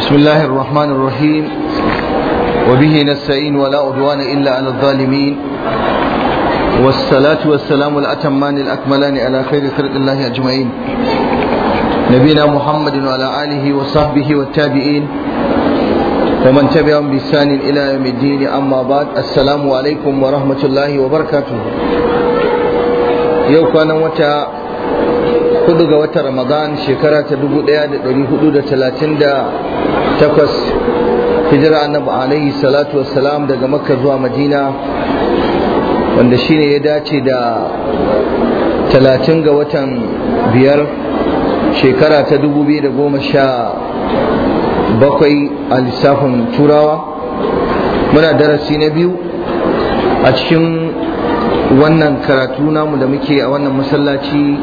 بسم الله الرحمن الرحيم وبه نستعين ولا عدوان إلا على الظالمين والصلاة والسلام الأتمان الأكملان على خير خلق الله أجمعين نبينا محمد وعلى آله وصحبه والتابعين ومن تبعهم بإحسان إلى يوم الدين أما بعد السلام عليكم ورحمة الله وبركاته يوم كان متى hudu ga watan ramadan shekara ta 1437 takwas hijira annabi alaihi salatu wassalam daga makka zuwa madina wanda shine ya dace da talatin ga watan biyar shekara ta dubu biyu da goma sha bakwai a lissafin turawa muna darasi na biyu a cikin wannan karatu namu da muke a wannan masallaci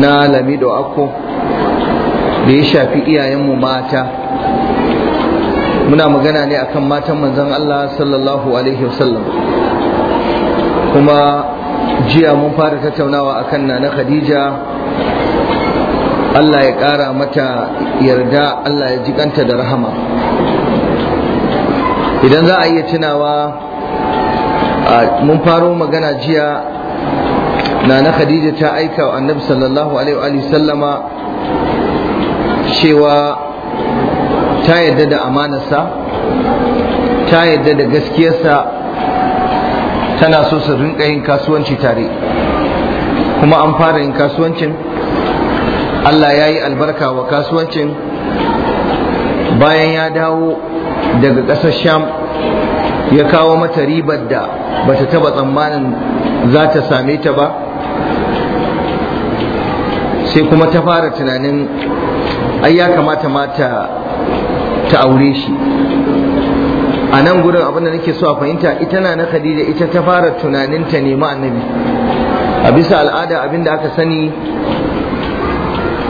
na lamido akko da ya shafi iyayenmu mata muna magana ne akan matan manzon Allah sallallahu alaihi wasallam kuma jiya mun fara tattaunawa akan nana Khadija Allah ya ƙara mata yarda Allah ya jikanta da rahama idan za a iya tunawa mun faro magana jiya nana Khadija ta aika wa annabi sallallahu alaihi wa sallama cewa ta yadda da amanarsa ta yadda da gaskiyarsa tana so su rinka yin kasuwanci tare kuma an fara yin kasuwancin Allah ya yi albarka wa kasuwancin bayan ya dawo daga ƙasar sham ya kawo mata ribar da bata taba tsammanin za ta same ta ba sai kuma ta fara tunanin ai ya kamata mata ta aure shi a nan gudun abinda nake so a fahimta ita na na khadija ita ta fara tunaninta ta nemi annabi a bisa al'ada abinda aka sani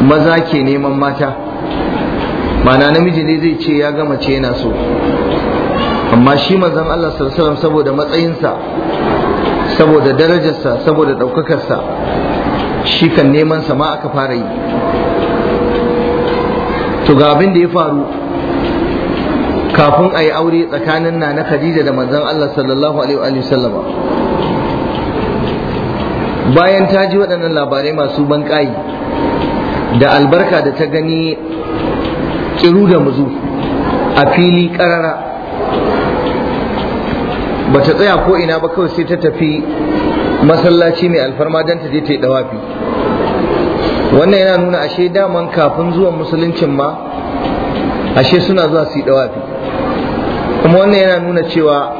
maza ke neman mata mana namiji ne zai ce ya gama ce yana so amma shi mazan Allah sallallahu saboda matsayinsa saboda darajarsa saboda ɗaukakarsa shi kan neman sa ma aka fara yi to ga abin da ya faru kafin a yi aure tsakanin na na khadija da manzon Allah sallallahu alaihi wa sallama bayan ta ji waɗannan labarai masu ban da albarka da ta gani kiru da muzu a fili ƙarara, ba ta tsaya ko ina ba kawai sai ta tafi masallaci mai alfarma don ta je ta yi dawafi wannan yana nuna ashe daman kafin zuwan musuluncin ma ashe suna zuwa su yi dawafi kuma wannan yana nuna cewa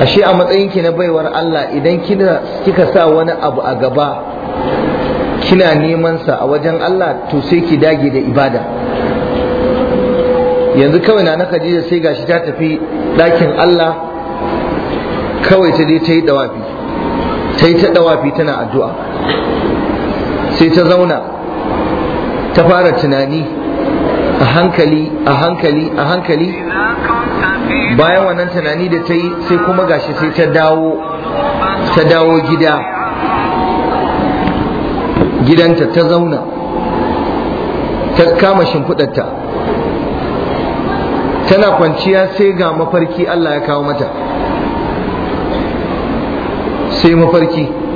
ashe a matsayin ki na baiwar Allah idan kika sa wani abu a gaba kina neman sa a wajen Allah to sai ki dage da ibada yanzu kawai na jiya sai gashi ta tafi ɗakin Allah kawai ta je ta yi dawafi ta ta dawafi tana addu'a sai ta zauna ta fara tunani a hankali a hankali a hankali bayan wannan tunani da ta yi sai kuma gashi sai ta dawo ta dawo gida gidanta ta zauna ta kama shimfiɗarta tana kwanciya sai ga mafarki Allah ya kawo mata sai mafarki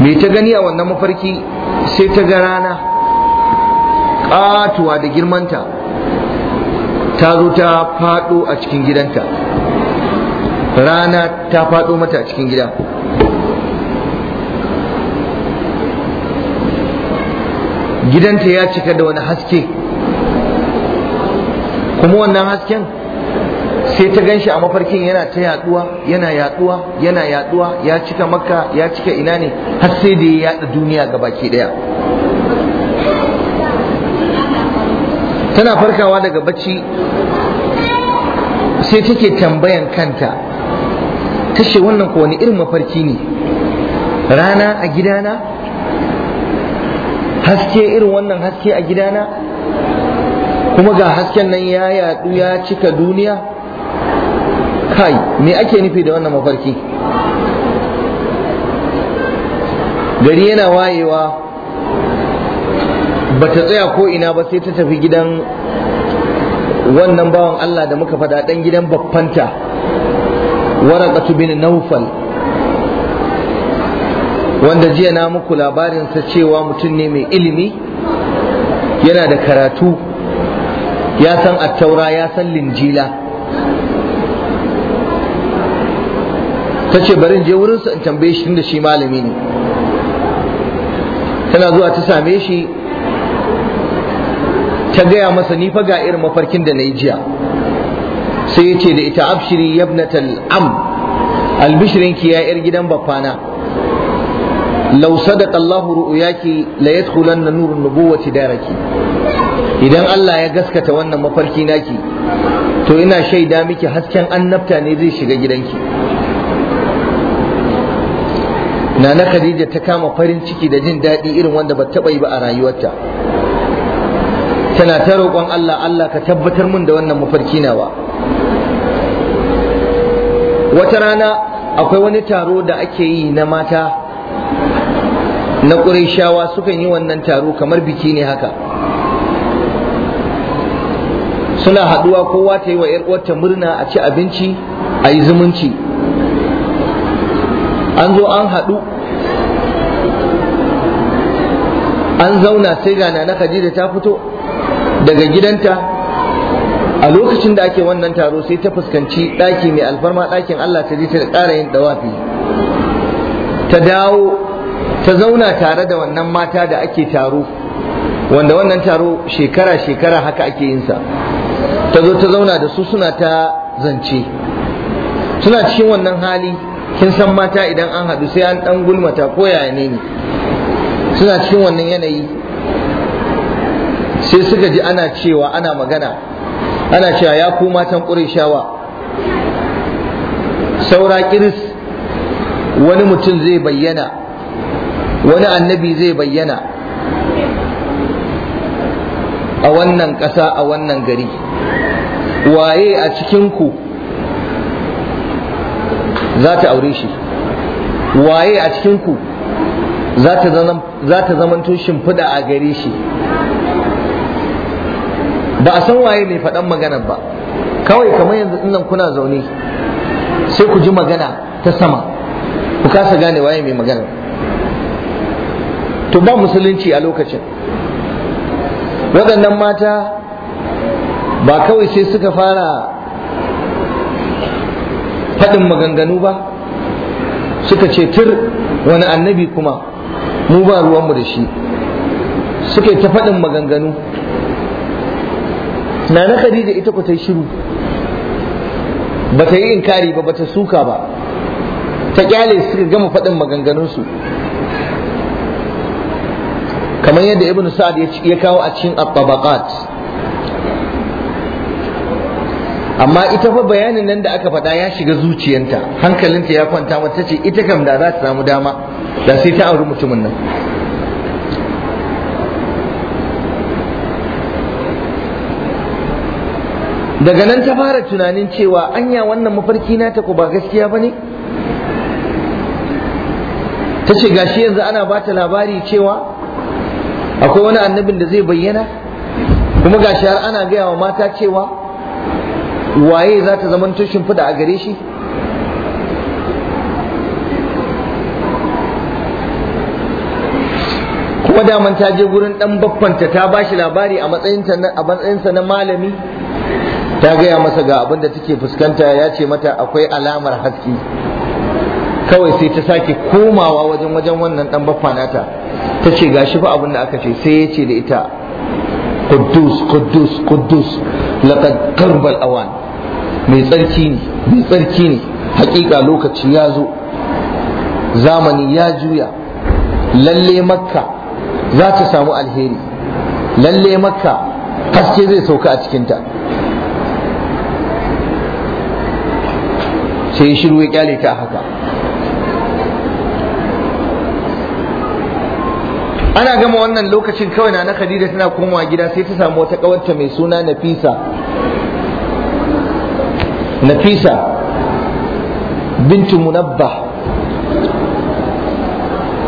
me ta gani a wannan mafarki sai ta ga rana ƙatuwa da girmanta ta zo ta faɗo a cikin gidanta rana ta faɗo mata a cikin gida gidanta ya cika da wani haske kuma wannan hasken sai ta ganshi a mafarkin yana ta yaduwa yana yaduwa yana yaduwa ya cika makka ya cika ina ne har sai da ya yada duniya ga baki daya tana farkawa daga bacci sai take tambayan kanta kashe wannan ko wani irin mafarki ne rana a gidana haske irin wannan haske a gidana kuma ga hasken nan ya yadu ya cika duniya kai me ake nufi da wannan mafarki gari yana wayewa ba ta tsaya ko ina ba sai ta tafi gidan wannan bawan Allah da muka fada ɗan gidan baffanta waraqatu bin naufal wanda jiya na muku labarin sa cewa mutum ne mai ilimi yana da karatu ya san attaura ya san linjila ta ce bari je wurinsa in tambaye shi tunda shi malami ne tana zuwa ta same shi ta gaya masa ni fa ga irin mafarkin da na yi jiya sai ya ce da ita abshiri yabnatal am ki ya yar gidan bafana law sadaqa Allah ru'yaki la yadkhulanna nurun nubuwati daraki idan Allah ya gaskata wannan mafarki naki to ina shaida miki hasken annabta ne zai shiga gidanki nana khadija ta kama farin ciki da jin daɗi irin wanda ba taɓa yi ba a rayuwarta tana ta roƙon Allah Allah ka tabbatar mun da wannan mafarki nawa wata rana akwai wani taro da ake yi na mata na ƙurishawa sukan yi wannan taro kamar biki ne haka suna haɗuwa kowa ta yi wa 'yar uwarta murna a ci abinci a yi zumunci an zo an haɗu an zauna sai ranana nana Khadija ta fito daga gidanta a lokacin da ake wannan taro sai ta fuskanci ɗaki mai alfarma ɗakin Allah ta je ta ƙara yin ɗawafi. ta dawo ta zauna tare da wannan mata da ake taro wanda wannan taro shekara-shekara haka ake yinsa ta zo ta zauna da su suna ta zance suna cikin wannan hali kin san mata idan an haɗu sai an ɗan gulmata ko yaya ne suna cikin wannan yanayi sai suka ji ana cewa ana magana ana cewa ya ku matan shawa. saura kiris wani mutum zai bayyana wani annabi zai bayyana a wannan ƙasa a wannan gari waye a cikinku ku za ta aure shi waye a cikinku za ta tushin shimfiɗa a gare shi ba a san waye mai faɗan maganar ba kawai kamar yanzu nan kuna zaune sai ku ji magana ta sama ku kasa gane waye mai magana to ba musulunci a lokacin waɗannan mata ba kawai sai suka fara faɗin maganganu ba suka ce tur wani annabi kuma mu ba ruwanmu da shi suka ta faɗin maganganu na na khadija ita ku ta shiru ba ta yi inkari ba ba ta suka ba ta kyale suka gama faɗin maganganunsu kamar yadda ibn sa'ad ya kawo a cikin at amma ita fa bayanin nan da aka faɗa ya shiga zuciyanta hankalinta ya kwanta mata ce ita kam da za ta samu dama da sai ta auri mutumin nan daga nan ta fara tunanin cewa anya wannan mafarki nata ko ba gaskiya ba ne ta ce gashi yanzu ana ba ta labari cewa akwai wani annabin da zai bayyana kuma gashi har ana gaya wa mata cewa waye za ta zama tushin fida a gare shi kuma daman ta je gurin dan baffanta ta bashi labari a matsayinsa na malami ta gaya masa ga abin da take fuskanta ya ce mata akwai alamar haske kawai sai ta sake komawa wajen wajen wannan dan baffa nata ta ce ga shi fa abin da aka ce sai ya ce da ita Kudus, Kudus, Kudus, لقد قرب الأوان mai tsarki ne mai tsarki ne hakika lokaci ya zo zamani ya juya lalle makka za ta samu alheri lalle makka haske zai sauka a cikinta sai shiru ya kyale ta haka ana gama wannan lokacin kawai na na khadija tana komawa gida sai ta samu wata kawarta mai suna nafisa nafisa bintu munabba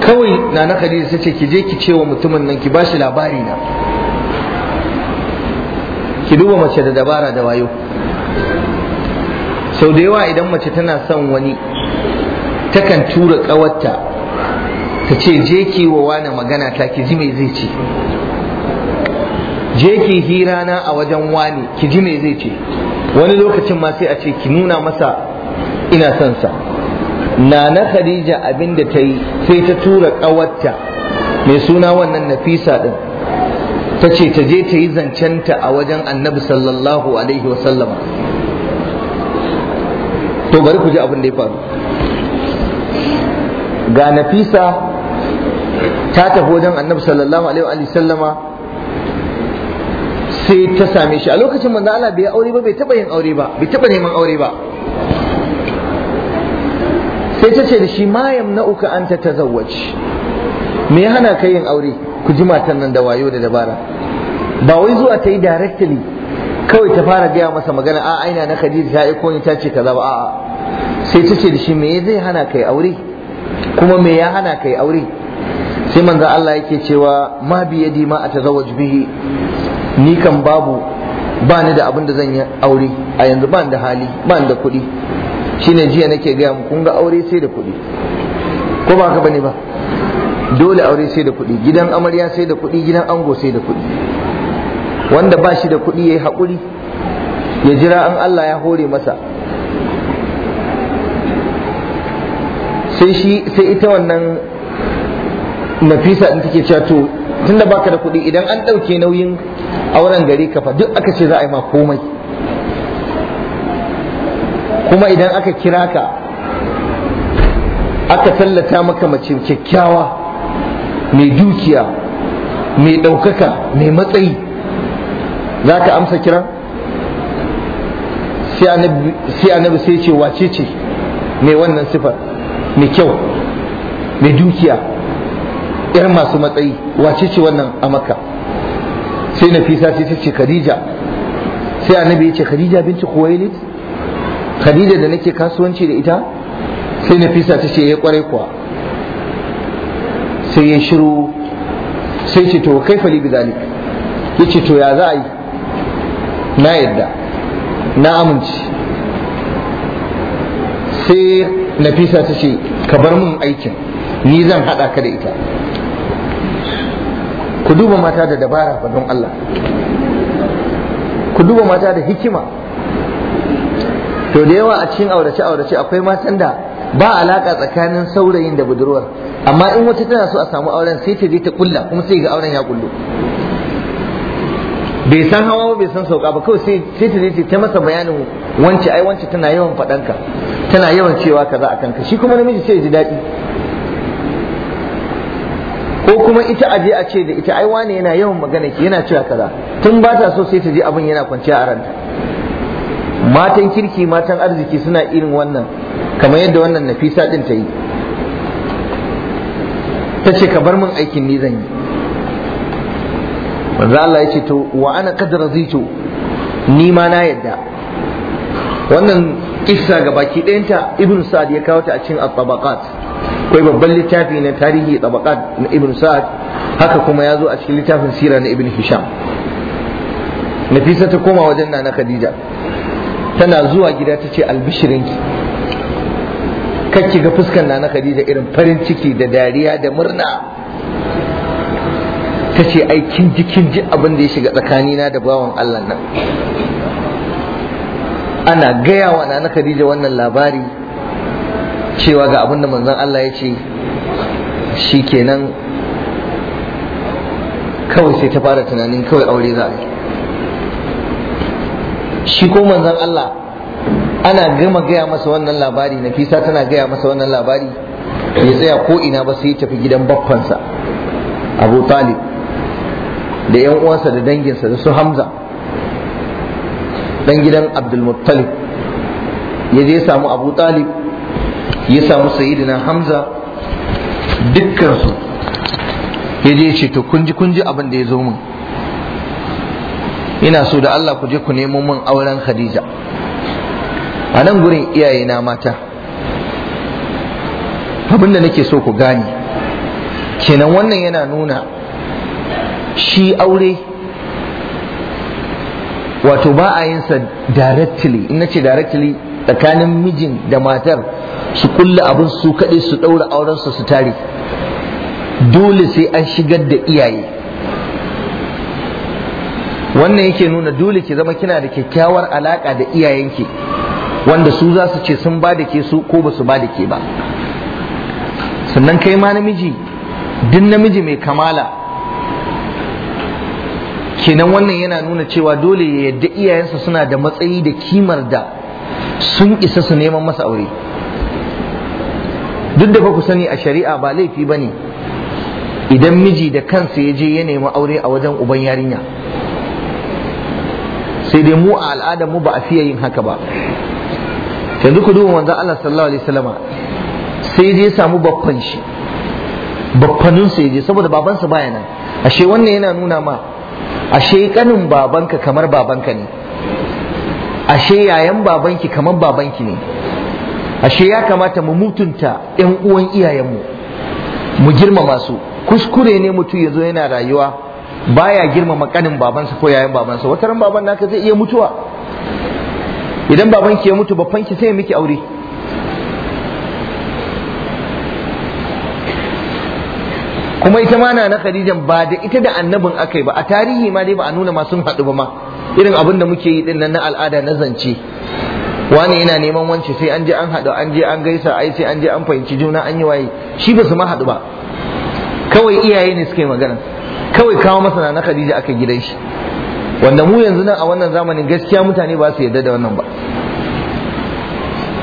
kawai na na khadija ta ce ki je ki ce wa mutumin nan ki ba shi labari na ki duba mace da dabara da wayo sau da yawa idan mace tana son wani takan tura ƙawarta ta ce je ki wa wani magana ta ki ji mai zai ce je ki hira na a wajen wani ki ji mai zai ce wani lokacin ma sai a ce ki nuna masa ina son sa na na khadija abin da ta yi sai ta tura ƙawarta mai suna wannan nafisa din ta ce ta je ta yi zancenta a wajen annabi sallallahu alaihi wasallama to bari ku ji abin da ya faru ga nafisa ta tafi wajen annabi sallallahu alaihi wasallama sai ta same shi a lokacin manzo Allah bai aure ba bai taba yin aure ba bai taba neman aure ba sai ta ce da shi ma yamna'uka an ta tazawwaj me ya hana ka yin aure ku ji matan nan da wayo da dabara ba wai zuwa ta yi directly kawai ta fara gaya masa magana a aina na Khadija ta aiko ni ta ce kaza ba a'a sai ta ce da shi me zai hana kai aure kuma me ya hana kai aure sai manzo Allah yake cewa ma bi yadi ma atazawwaj bihi ni kan babu ba ni da abin da zan yi aure a yanzu ba da hali ba da kuɗi shine jiya nake gaya mu kun ga aure sai da kuɗi ko ba ka bane ba dole aure sai da kuɗi gidan amarya sai da kuɗi gidan ango sai da kuɗi wanda ba shi da kuɗi ya yi haƙuri ya jira an Allah ya hore masa sai shi sai ita wannan nafisa ɗin take cewa to tunda baka da kuɗi idan an ɗauke nauyin auren gari ka fa duk aka ce za a yi ma komai kuma idan aka kira ka aka tallata maka mace kyakkyawa mai dukiya mai ɗaukaka mai matsayi za ka amsa kiran sai annabi sai ce wace ce mai wannan sifar mai kyau mai dukiya 'yar masu matsayi wace ce wannan a maka sai nafisa sai ta ce khadija sai annabi ya ce khadija binci khuwailid khadija da nake kasuwanci da ita sai nafisa ta ce ya eh, kwarai kuwa sai ya shiru sai ce to kai fali bizalik ya ce to ya za a yi na yadda na amince sai nafisa ta ce ka bar mun aikin ni zan haɗa ka da ita ku duba mata da dabara ba don Allah ku duba mata da hikima to da yawa a cikin aurace aurace akwai matan da ba alaka tsakanin saurayin da budurwar amma in wata tana so a samu auren sai ta je ta kulla kuma sai ga auren ya kullu bai san hawa bai san sauka ba kawai sai ta je ta masa bayanin wance ai wance tana yawan faɗanka tana yawan cewa kaza a kanka shi kuma namiji sai ya ji daɗi ko kuma ita aje je a ce da ita ai wane yana yawan magana ki yana cewa kaza tun ba ta so sai ta je abin yana kwanciya a ranta matan kirki matan arziki suna irin wannan kamar yadda wannan nafisa din ta yi ta ce ka bar min aikin ni zan yi manzo Allah ya to wa ana qad raditu ni ma na yadda wannan kissa ga baki ɗayanta ibn sa'ad ya kawo ta a cikin at-tabaqat akwai babban littafi na tarihi tabaqat na ibn sa'ad haka kuma ya zo a cikin littafin sira na ibn hisham nafisa ta koma wajen nana khadija tana zuwa gida ta ce albishirinki kakki ga fuskar nana khadija irin farin ciki da dariya da murna ta ce ai kin ji kin ji abin da ya shiga tsakanina da bawan Allah nan ana gaya wa nana khadija wannan labari cewa ga abinda manzan Allah ya ce shi kenan kawai sai ta fara tunanin kawai aure za a yi shi ko manzan Allah ana gama gaya masa wannan labari nafisa tana gaya masa wannan labari ya tsaya ko ina ba sai ya tafi gidan baffansa abu talib da yan uwansa da danginsa da su hamza dan gidan abdulmuttalib ya je samu abu talib ya samu sayidina hamza dukkansu ya je ce to kun ji kun abin da ya zo min ina so da Allah ku je ku nemo min auren Khadija a nan gurin iyayena mata abin da nake so ku gane kenan wannan yana nuna shi aure wato ba a sa directly in ce directly tsakanin mijin da matar su kulla abin su kaɗai su ɗaura aurensu su tare dole sai an shigar da iyaye wannan yake nuna dole ki zama kina da kyakkyawar alaƙa da iyayenki wanda su za su ce sun ba da ke su ko ba su ba da ke ba sannan kai ma namiji duk namiji mai kamala kenan wannan yana nuna cewa dole ya yadda iyayensa suna da matsayi da kimar da sun isa su neman masa aure duk da ku sani a shari'a ba laifi ba ne idan miji da kansa ya je ya nemi aure a wajen uban yarinya sai dai mu a al'adar mu ba a fiye yin haka ba yanzu ku duba manzon Allah sallallahu alaihi wasallama sai je samu babban shi babbanin sai je saboda babansa baya nan ashe wannan yana nuna ma ashe kanin babanka kamar babanka ne ashe yayan babanki kamar babanki ne ashe ya kamata mu mutunta yan uwan iyayenmu mu girmama su kuskure ne mutum ya zo yana rayuwa baya girmama kanin babansa ko yayan babansa wata ran baban naka zai iya mutuwa idan baban ki ya mutu babban ki sai miki aure kuma ita ma na Khadijan ba da ita da annabin akai ba a tarihi ma dai ba a nuna ma sun haɗu ba ma irin abin da muke yi dinnan na al'ada na zance wani yana neman wance sai an je an haɗu an je an gaisa ai sai an je an fahimci juna an yi waye shi ba su ma haɗu ba kawai iyaye ne suka yi magana kawai kawo masana na Khadija aka gidan shi wanda mu yanzu nan a wannan zamanin gaskiya mutane ba su yarda da wannan ba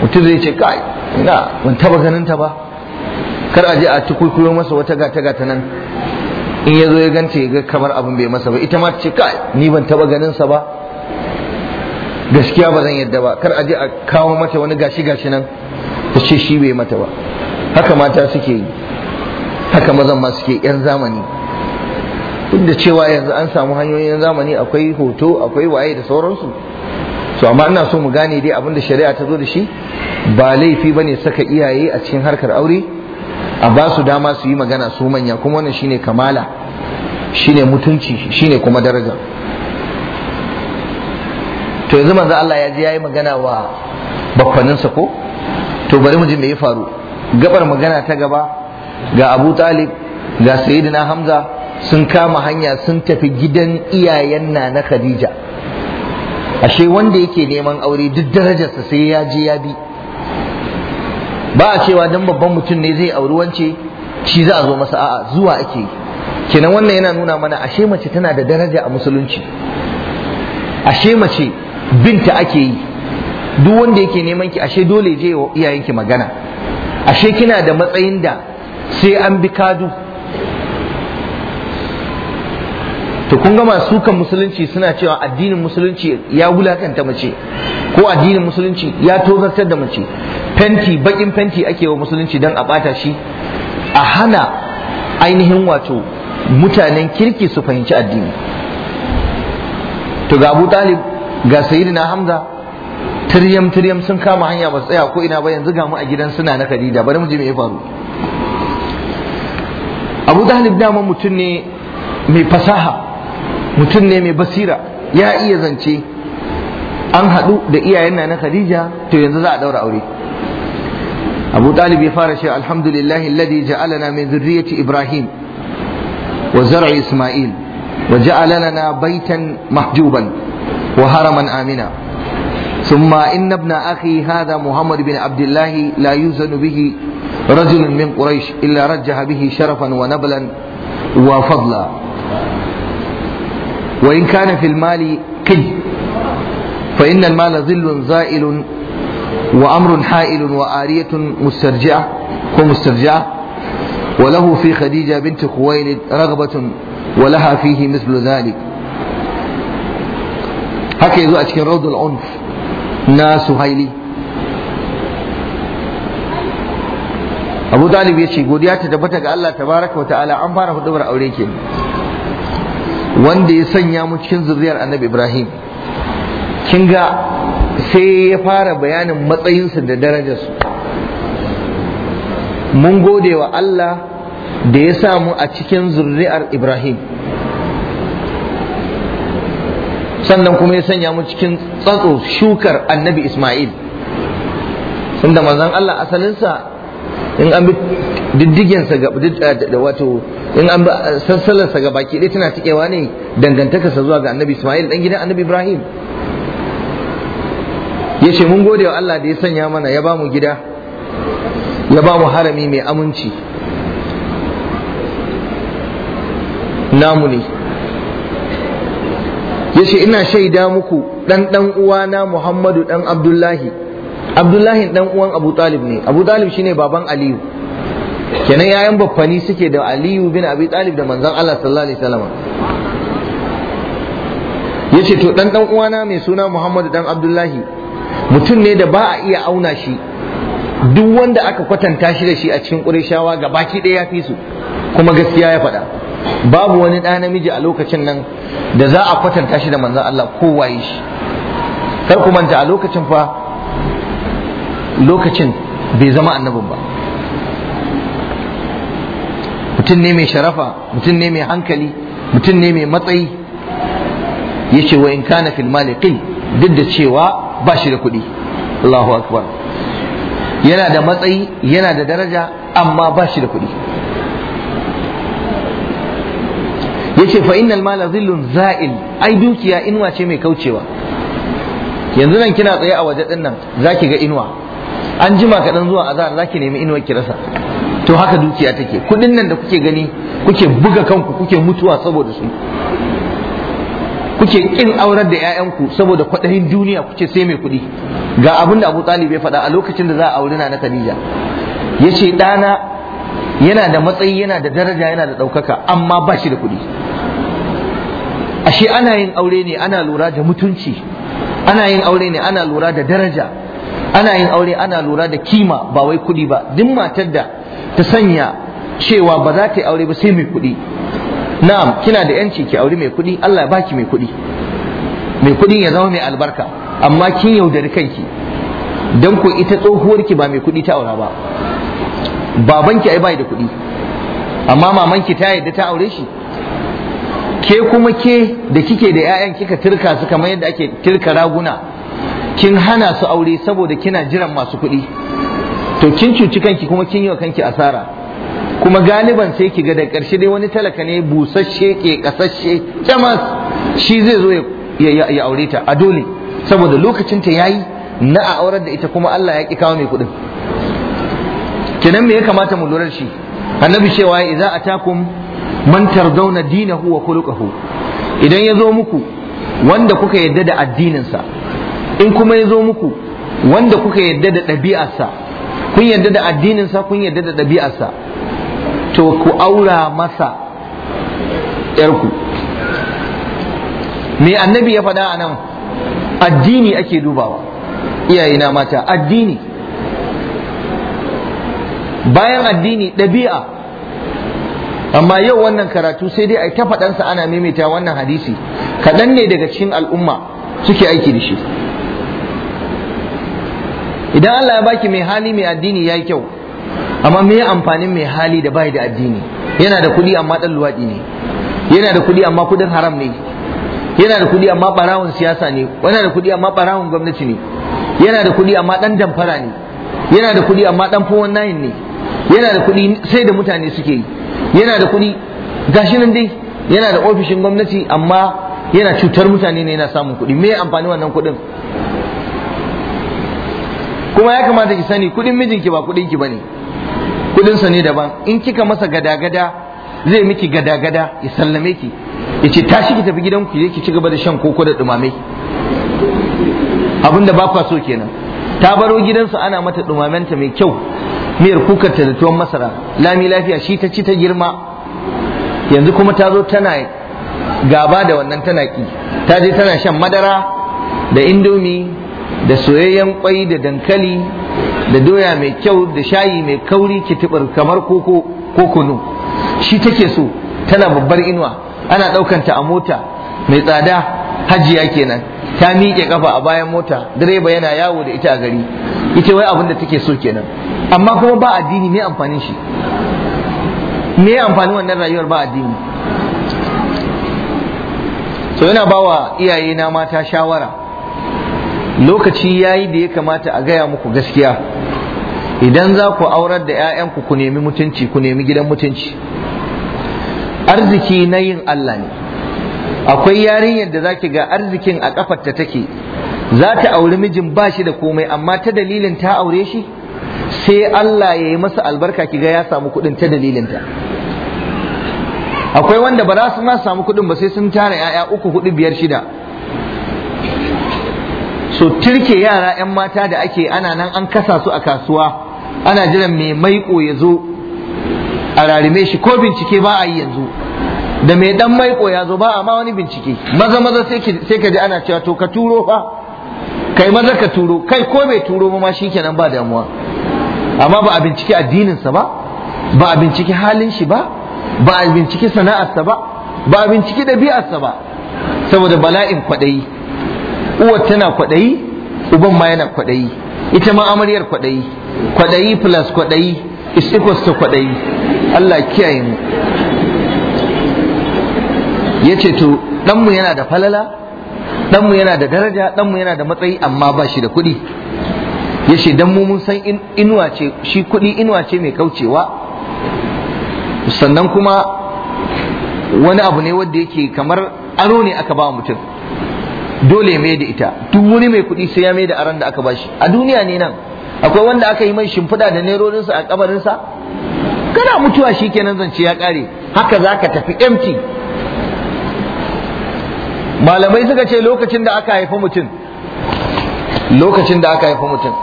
mutum zai ce kai ina ban taba ganin ta ba kar a je a ci masa wata gata gata nan in ya zo ya gance ga kamar abin bai masa ba ita ma ta ce kai ni ban taba ganin sa ba gaskiya ba zan yadda ba kar a a kawo mata wani gashi gashi nan ta ce shi bai mata ba haka mata suke yi haka mazan ma suke yan zamani duk da cewa yanzu an samu hanyoyin zamani akwai hoto akwai waye da sauransu to amma ina so mu gane dai abinda shari'a ta zo da shi ba laifi bane saka iyaye a cikin harkar aure a ba su dama su yi magana su manya kuma wannan shine kamala shine mutunci shine kuma daraja to yanzu manzo Allah ya ji yayi magana wa sa ko to bari mu ji me ya faru gabar magana ta gaba ga Abu Talib ga Sayyidina Hamza sun kama hanya sun tafi gidan iyayen na na Khadija ashe wanda yake neman aure duk darajarsa sai ya je ya bi ba a cewa dan babban mutum ne zai auri wance shi za a zo masa a'a zuwa ake kenan wannan yana nuna mana ashe mace tana da daraja a musulunci ashe mace binta ake yi duk wanda yake neman ki ashe dole je wa iyayenki magana ashe kina da matsayin da sai an bi kadu to kun ga masu kan musulunci suna cewa addinin musulunci ya wulakanta mace ko addinin musulunci ya tozartar da mace fenti bakin fenti ake wa musulunci don a bata shi a hana ainihin wato mutanen kirki su fahimci addini to ga abu talib ga na hamza tiryam tiryam sun kama hanya ba tsaya ko ina ba yanzu ga mu a gidan suna na khadija bari mu je mai faru abu dalib dama mutum ne mai fasaha mutum ne mai basira ya iya zance an haɗu da iyayen na na khadija to yanzu za a daura aure abu dalib ya fara shi alhamdulillahi alladhi ja'alana min zurriyyati ibrahim wa zar'i isma'il wa ja'alana baitan mahjuban وهرما آمنا ثم إن ابن أخي هذا محمد بن عبد الله لا يوزن به رجل من قريش إلا رجح به شرفا ونبلا وفضلا وإن كان في المال كي فإن المال ظل زائل وأمر حائل وآرية مسترجعة ومسترجعة وله في خديجة بنت خويلد رغبة ولها فيه مثل ذلك haka yazo a cikin raudul unf na suhaili abu talib ya ce godiya ta tabbata ga Allah tabaraka ta'ala an fara hudubar aure ke wanda ya sanya mu cikin zuriyar annabi ibrahim kin ga sai ya fara bayanin matsayinsu da darajarsu mun gode wa Allah da ya samu a cikin zurri'ar ibrahim sannan kuma ya sanya mu cikin tsatso shukar annabi Ismail inda manzon Allah asalinsa in an bi diddiginsa ga eh, wato in an bi eh, sassalarsa ga baki dai tana tikewa ne dangantaka sa zuwa ga annabi Ismail dan gidan annabi Ibrahim ya ce mun gode wa Allah da ya sanya mana ya ba mu gida ya ba mu harami mai aminci namu ne yace ina shaida muku dan dan uwana Muhammadu dan Abdullahi Abdullahi dan uwan Abu Talib ne Abu Talib shine baban Aliyu kenan yayan baffani suke da Aliyu bin Abi Talib da manzon Allah sallallahu alaihi wasallam yace to ɗan dan uwana mai suna Muhammadu dan Abdullahi mutum ne da ba a iya auna shi duk wanda aka kwatanta shi da shi a cikin Qurayshawa gabaki ɗaya ya fi su kuma gaskiya ya faɗa babu wani ɗa namiji a lokacin nan da za a kwatanta shi da manzon Allah waye shi kar ku manta a lokacin fa lokacin bai zama annabin ba mutum ne mai sharafa mutum ne mai hankali mutum ne mai matsayi ya ce wa in kana fil maliqin duk da cewa ba shi da kuɗi Allahu akbar yana da matsayi yana da daraja amma ba shi da kuɗi yace fa innal mala zillun za'il ai dukiya inuwa ce mai kaucewa yanzu nan kina tsaye a waje din nan zaki ga inuwa an jima kaɗan zuwa azhar zaki nemi inuwar ki rasa to haka dukiya take kudin nan da kuke gani kuke buga kanku kuke mutuwa saboda su kuke kin aurar da 'ya'yanku saboda kwaɗayin duniya kuke sai mai kuɗi ga abin da abu talib ya faɗa a lokacin da za a auri na na khadija ya ce ɗana yana da matsayi yana da daraja yana da ɗaukaka amma ba shi da kuɗi ashe ana yin aure ne ana lura da mutunci ana yin aure ne ana lura da daraja ana yin aure ana lura da kima ba wai kuɗi ba duk matar da ta sanya cewa ba za ta yi aure ba sai mai kuɗi na'am kina da yanci ki aure mai kuɗi Allah ya baki mai kuɗi mai kuɗin ya zama mai albarka amma kin yaudari kanki don ku ita tsohuwar ki ba mai kuɗi ta aura ba babanki ai bai da kuɗi amma mamanki ta yadda ta aure shi ke kuma ke da kike da 'ya'yan kika turka su kamar yadda ake turka raguna kin hana su aure saboda kina jiran masu kuɗi to kin cuci kanki kuma kin yi wa kanki asara kuma galiban sai ki ga da ƙarshe dai wani talaka ne busasshe ke kasasshe camas shi zai zo ya aure ta a dole saboda lokacin ta yayi na a aurar da ita kuma Allah ya ki kawo mai kuɗin kenan me ya kamata mu lura shi annabi cewa idza atakum man dina dinahu wa khuluquhu idan ya zo muku wanda kuka yadda da addininsa in kuma ya zo muku wanda kuka yadda da ɗabi'arsa kun yadda da addininsa kun yadda da ɗabi'arsa to ku aura masa ‘yarku me annabi ya faɗa a nan addini ake dubawa iyayena mata addini bayan addini ɗabi'a amma yau wannan karatu sai dai a ta faɗansa ana maimaita wannan hadisi kaɗan ne daga cikin al'umma suke aiki da shi idan Allah ya baki mai hali mai addini ya yi kyau amma me amfanin mai hali da bai da addini yana da kuɗi amma ɗan luwaɗi ne yana da kuɗi amma kuɗin haram ne yana da kuɗi amma ɓarawun siyasa ne yana da kuɗi amma ɓarawun gwamnati ne yana da kuɗi amma ɗan damfara ne yana da kuɗi amma ɗan fowan nayin ne yana da kuɗi sai da mutane suke yi yana da kuɗi gashi nan dai yana da ofishin gwamnati amma yana cutar mutane ne yana samun kuɗi me amfani wannan kuɗin kuma ya kamata ki sani kuɗin mijinki ba kuɗin ki bane kuɗin sa ne daban in kika masa gada-gada zai miki gada-gada ya sallame ki ya ce tashi ki tafi gidan ki je ki cigaba da shan koko da dumame abinda ba kwa so kenan ta baro gidansu ana mata dumamenta mai kyau miyar ta da tuwon masara lami lafiya shi ta ci ta girma yanzu kuma ta zo tana gaba da wannan tana ki ta je tana shan madara da indomi da soyayyen kwai da dankali da doya mai kyau da shayi mai kauri kitibar kamar koko ko kunu shi take so tana babbar inuwa ana ɗaukanta a mota mai tsada hajiya kenan ta miƙe kafa a bayan mota direba yana yawo da ita a gari ita wai abin da take so kenan amma kuma ba addini me amfanin shi me amfanin wannan rayuwar ba addini so yana bawa iyaye na mata shawara lokaci yayi da ya kamata a gaya muku gaskiya idan za ku aurar da 'ya'yanku ku nemi mutunci ku nemi gidan mutunci arziki na yin Allah ne akwai yarinyar da zaki ga arzikin a kafarta take za ta auri mijin ba shi da komai amma ta dalilin ta aure shi sai Allah ya yi masa albarka kiga ya samu kuɗin ta dalilinta akwai wanda ba za su ma samu kuɗin ba sai sun tara 'ya'ya uku hudu biyar shida so turke yara 'yan mata da ake ana nan an kasa su a kasuwa ana jiran mai maiko ya zo a rarime shi ko bincike ba a yi yanzu da mai dan maiko ya zo ba a ma wani bincike maza maza sai ka ji ana cewa to ka turo fa kai maza ka turo kai ko bai turo ma shikenan ba damuwa amma ba a binciki addininsa ba ba a binciki halin shi ba ba a binciki sana'arsa ba ba a binciki ɗabi'arsa ba saboda bala'in kwaɗayi uwar tana kwaɗayi uban ma yana kwaɗayi ita ma amaryar kwaɗayi kwaɗayi plus kwaɗayi is equals to kwaɗayi Allah kiyaye mu yace to ɗanmu yana da falala ɗanmu yana da daraja mu yana da matsayi amma ba shi da kuɗi ya ce dan mu mun san inuwa ce shi kuɗi inuwa ce mai kaucewa sannan kuma wani abu ne wanda yake kamar aro ne aka ba mutum dole mai da ita duk wani mai kuɗi sai ya mai da aron da aka ba shi a duniya ne nan akwai wanda aka yi mai shimfiɗa da nerorinsa a kabarinsa kana mutuwa shi kenan zance ya kare. haka zaka tafi empty malamai suka ce lokacin da aka haifi mutum lokacin da aka haifi mutum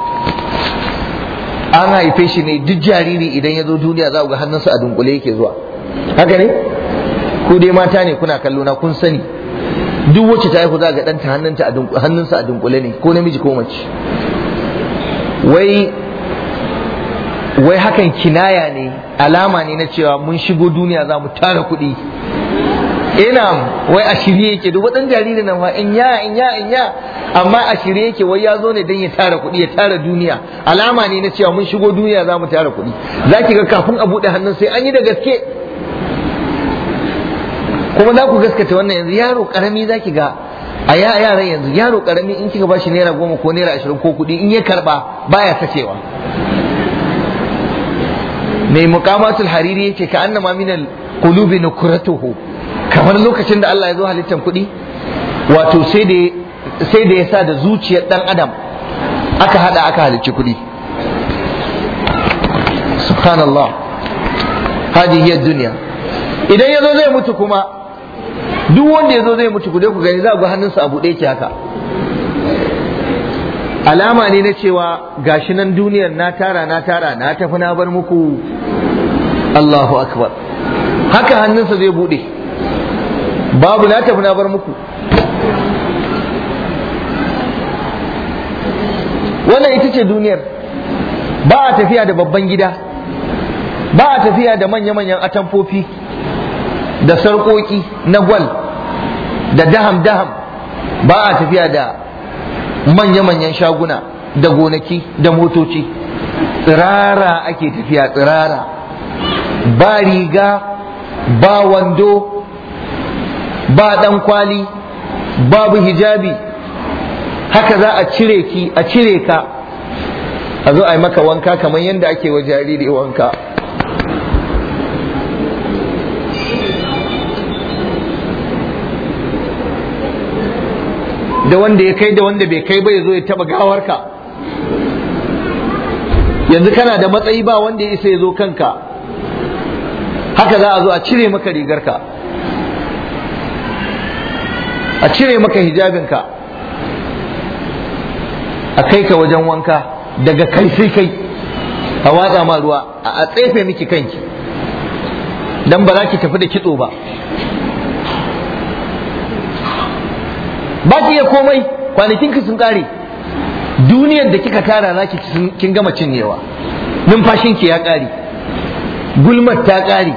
an haife shi ne duk jariri idan ya zo duniya za ku ga hannunsa a dunkule yake zuwa haka ne ku dai mata ne kuna kallo na kun sani duk wacce ta haihu za ga ɗanta hannunsa a dunkule ne ko namiji ko mace wai wai hakan kinaya ne alama ne na cewa mun shigo duniya za mu tara kuɗi ina wai a shirye yake duk wadan jariri nan ma in ya in ya in ya amma a shirye yake wai ya zo ne dan ya tara kuɗi ya tara duniya alama ne na cewa mun shigo duniya za mu tara kuɗi zaki ga kafin a bude hannun sai an yi da gaske kuma za ku gaskata wannan yanzu yaro karami zaki ga a yaran yanzu yaro karami in kika bashi naira goma ko naira ashirin ko kuɗi in ya karba baya sacewa mai muqamatul hariri yace ka annama minal qulubi nukratuhu kamar lokacin da Allah ya zo halittar kuɗi wato sai da ya sa da zuciyar ɗan adam aka hada aka halicci kuɗi subhanallah hiyar duniya idan ya zo zai mutu kuma duk wanda ya zo zai mutu kudai ku gani za ga hannunsa a buɗe ki haka alama ne na cewa gashi nan duniyar na tara na tara na tafi na bar muku Allahu akbar haka hannunsa zai buɗe babu na tafi na bar muku wannan ita ce duniyar ba a tafiya da babban gida ba a tafiya da manya-manyan atamfofi da sarƙoƙi na gwal da daham-daham ba a tafiya da manya-manyan shaguna da gonaki da motoci tsirara ake tafiya tsirara ba riga ba wando ba dan kwali babu hijabi haka za a cire ki a cire ka a zo a yi maka wanka kamar yadda ake wa jariri wanka da wanda ya kai da wanda bai kai ba ya zo ya taba gawarka yanzu kana da matsayi ba wanda ya isa ya zo kanka haka za a zo a cire maka rigarka a cire maka hijabinka a kai ka wajen wanka daga kai sai kai a watsa ma ruwa a tsefe miki kanki dan ba za ki tafi da kitso ba ba ki iya komai kwanakinki sun kare duniyar da kika tara za ki kin gama cinyewa numfashinki ya kare gulmar ta kare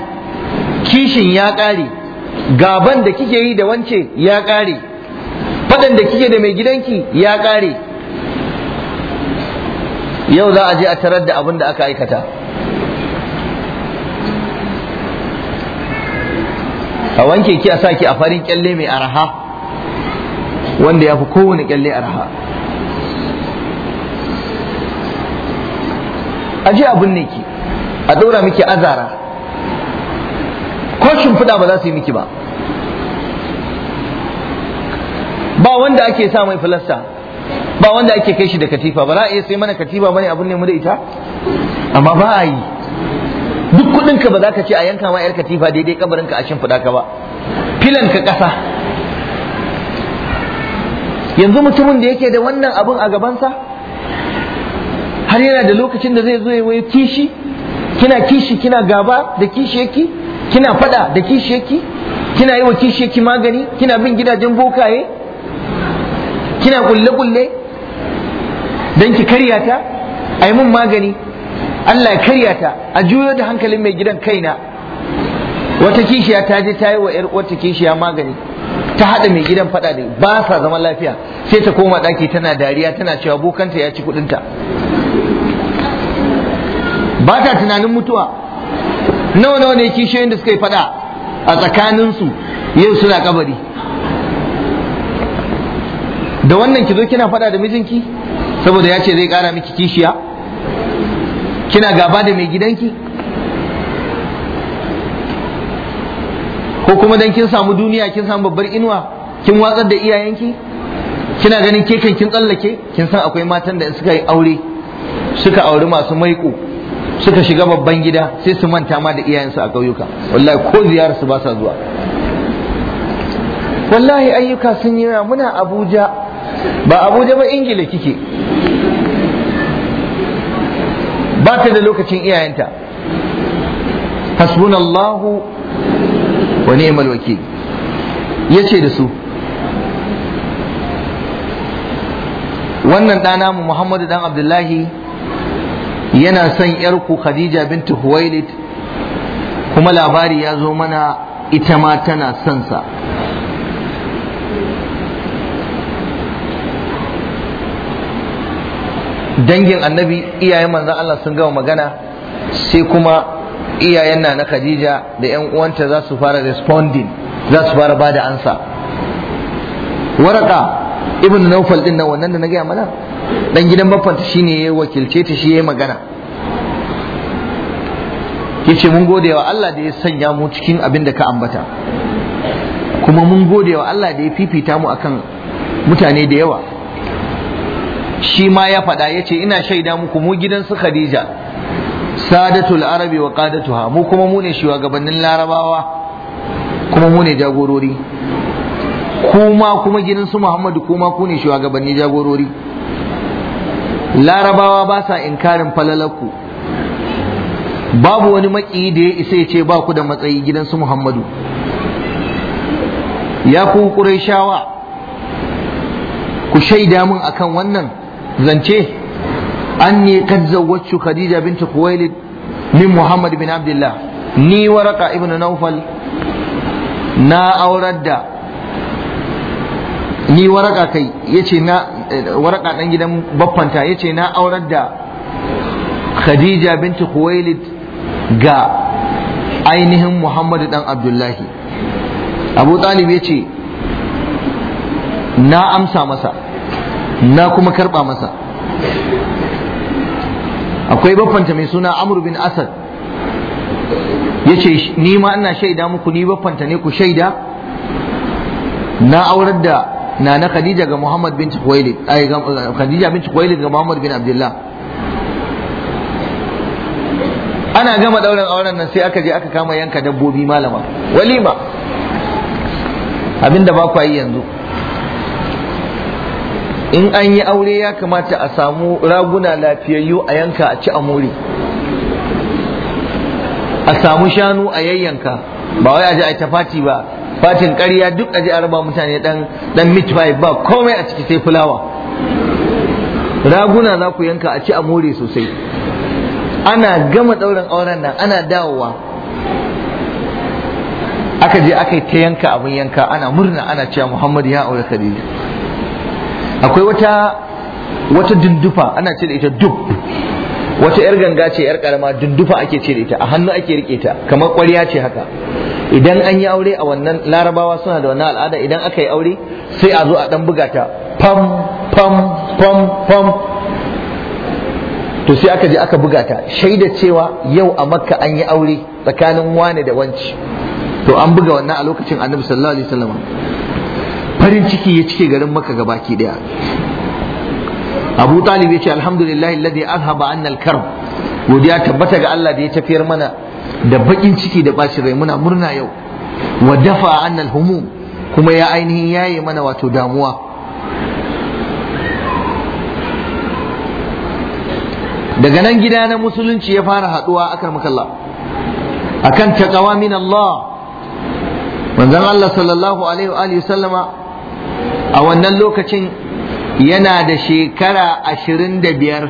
kishin ya kare gaban da kike yi da wance ya ƙare faɗan da kike da mai gidanki ya ƙare yau za a je a tarar da abin da aka aikata a wanke ki a sa ki a farin kyalle mai araha wanda ya fi kowane kyalle araha a je abin ne ki a ɗora miki azara ko shimfiɗa ba za su yi miki ba ba wanda ake sa mai filasta ba wanda ake kai shi da katifa ba za a iya sai mana katifa bane abun ne mu da ita amma ba a yi duk kudin ka ba za ka ce a yanka ma yar katifa daidai kabarin ka a shimfiɗa ka ba filan ka ƙasa yanzu mutumin da yake da wannan abun a gabansa har yana da lokacin da zai zo ya waye kishi kina kishi kina gaba da kishi yake kina faɗa da kishiyaki? kina yi wa kishiyarki magani kina bin gidajen bokaye kina kulle-kulle don ki karyata ta a mun magani Allah ya karya ta a juyo da hankalin mai gidan kaina wata kishiya ta je ta yi wa 'yar wata kishiya magani ta haɗa mai gidan faɗa da ba sa zama lafiya sai ta koma ɗaki tana dariya tana cewa bokanta ya ci kuɗinta ba ta tunanin mutuwa nawa nawa ne kishiyoyin da suka yi fada a su yau suna kabari da wannan ki zo kina fada da mijinki saboda ya ce zai kara miki kishiya kina gaba da mai gidanki ko kuma dan kin samu duniya kin samu babbar inuwa kin watsar da iyayenki kina ganin kekan kin tsallake kin san akwai matan da suka yi aure suka auri masu maiko suka shiga babban gida sai su manta ma da iyayensu a ƙauyuka wallahi ko ziyararsu ba sa zuwa wallahi ayyuka sun yi yawa muna abuja ba abuja ba ingila kike ba ta da lokacin iyayenta hasbunallahu wa ni'mal wakil yace da su wannan ɗana mu muhammadu dan abdullahi yana son yarku khadija bintu huwailid kuma labari ya zo mana ita ma tana son sa dangin annabi iyayen manzan Allah sun gama magana sai kuma iyayen na na khadija da 'yan uwanta za su fara responding za su fara ba da ansa waraka ibn naufal din nan wannan da na gaya mana dan gidan shi shine ya wakilce ta shi ya magana yace mun gode wa Allah da ya sanya mu cikin abin da ka ambata kuma mun gode wa Allah da ya fifita mu akan mutane da yawa shi ma ya faɗa yace ina shaida muku mu gidan su Khadija sadatul arabi wa qadatuha mu kuma mu ne shugabannin larabawa kuma mu ne jagorori kuma kuma gidan su Muhammadu kuma ku ne shugabanni jagorori larabawa ba sa inkarin falalaku babu wani maƙiyi da ya isa ya ce ba ku da matsayi gidan su muhammadu ya ku shawa ku shaida min akan wannan zance an ne kad zawwaccu khadija binta kuwailid min muhammad bin abdullah ni waraka ibn naufal na aurar da ni waraka kai yace na waraka dan gidan baffanta yace na aurar da Khadija binti Khuwailid ga ainihin Muhammad dan Abdullahi Abu Talib yace na amsa masa na kuma karba masa akwai baffanta mai suna Amr bin Asad yace ni ma ina shaida muku ni baffanta ne ku shaida na aurar da Na na khadija ga muhammad bin khuwailid ai khadija bin khuwailid ga muhammad bin abdullah ana gama dauran auren nan sai aka je aka kama yanka dabbobi malama walima abinda ba ku yi yanzu in an yi aure ya kamata a samu raguna lafiyayyu a yanka a ci a a samu shanu a yayyanka ba wai a je a ta fati ba fatin ƙarya duk aje a raba mutane dan dan meat ba komai a ciki sai fulawa raguna za ku yanka a ci a more sosai ana gama ɗaurin auren nan ana dawowa aka je aka yi ta yanka abin yanka ana murna ana cewa muhammadu ya aure khadija akwai wata wata dundufa ana ce da ita duk. wata yar ganga ce yar karama dundufa ake ce da ita a hannu ake rike ta kamar ƙwarya ce haka idan an yi aure a wannan larabawa suna da wannan al'ada idan aka yi aure sai a zo a dan buga ta fam fam fam fam to sai aka je aka buga ta shaida cewa yau a makka an yi aure tsakanin wane da wanci to an buga wannan a lokacin annabi sallallahu alaihi wasallam farin ciki ya cike garin makka gabaki daya abu talib ya ce alhamdulillah alladhi azhaba anna al-karb godiya tabbata ga Allah da ya tafiyar mana da bakin ciki da bashi rai muna murna yau wa dafa anna al-humum kuma ya ainihin yaye mana wato damuwa daga nan gida na musulunci ya fara haduwa akan makalla akan taqwa min Allah manzon Allah sallallahu alaihi wa sallama a wannan lokacin yana da shekara ashirin da biyar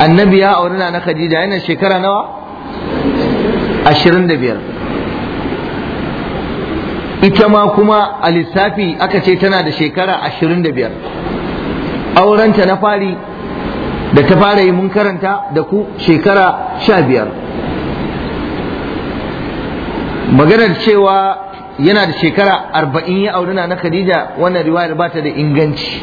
annabi ya auri na khadija yana shekara nawa ashirin da biyar ita ma kuma a lissafi aka ce tana da shekara ashirin da biyar aurenta na fari da ta fara yi mun karanta da ku shekara sha biyar maganar cewa yana da shekara arba'in ya aurina na khadija wannan riwayar ba ta da inganci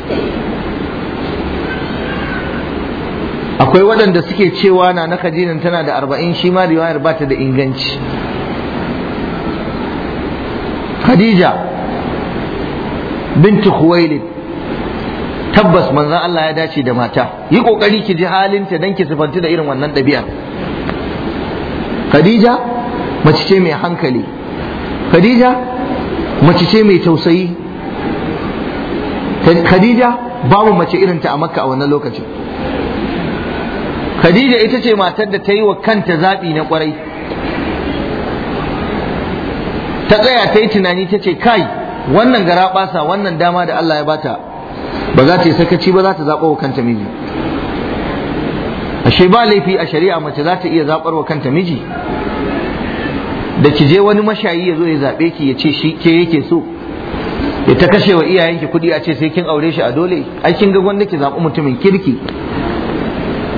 akwai waɗanda suke cewa na na khadija tana da arba'in shi ma riwayar ba ta da inganci khadija bintu khuwailid tabbas manzon Allah ya dace da mata yi kokari ki ji halinta dan ki sifanti da irin wannan ɗabi'ar khadija mace ce mai hankali khadija mace ce mai tausayi khadija babu mace irinta a makka a wannan lokacin khadija ita ce matar da ta yi wa kanta zaɓi na kwarai. ta tsaya ta yi tunani ta ce kai wannan gara ɓasa wannan dama da Allah ya bata ba za ta yi sakaci ba za ta zaɓa wa kanta miji ashe ba laifi a shari'a mace za ta iya zaɓar wa kanta miji da ki je wani mashayi ya zo ya zaɓe ki ya ce shi ke yake so ya ta kashe wa iyayenki kuɗi a ce sai kin aure shi a dole ai kin ga wanda ki zaɓi mutumin kirki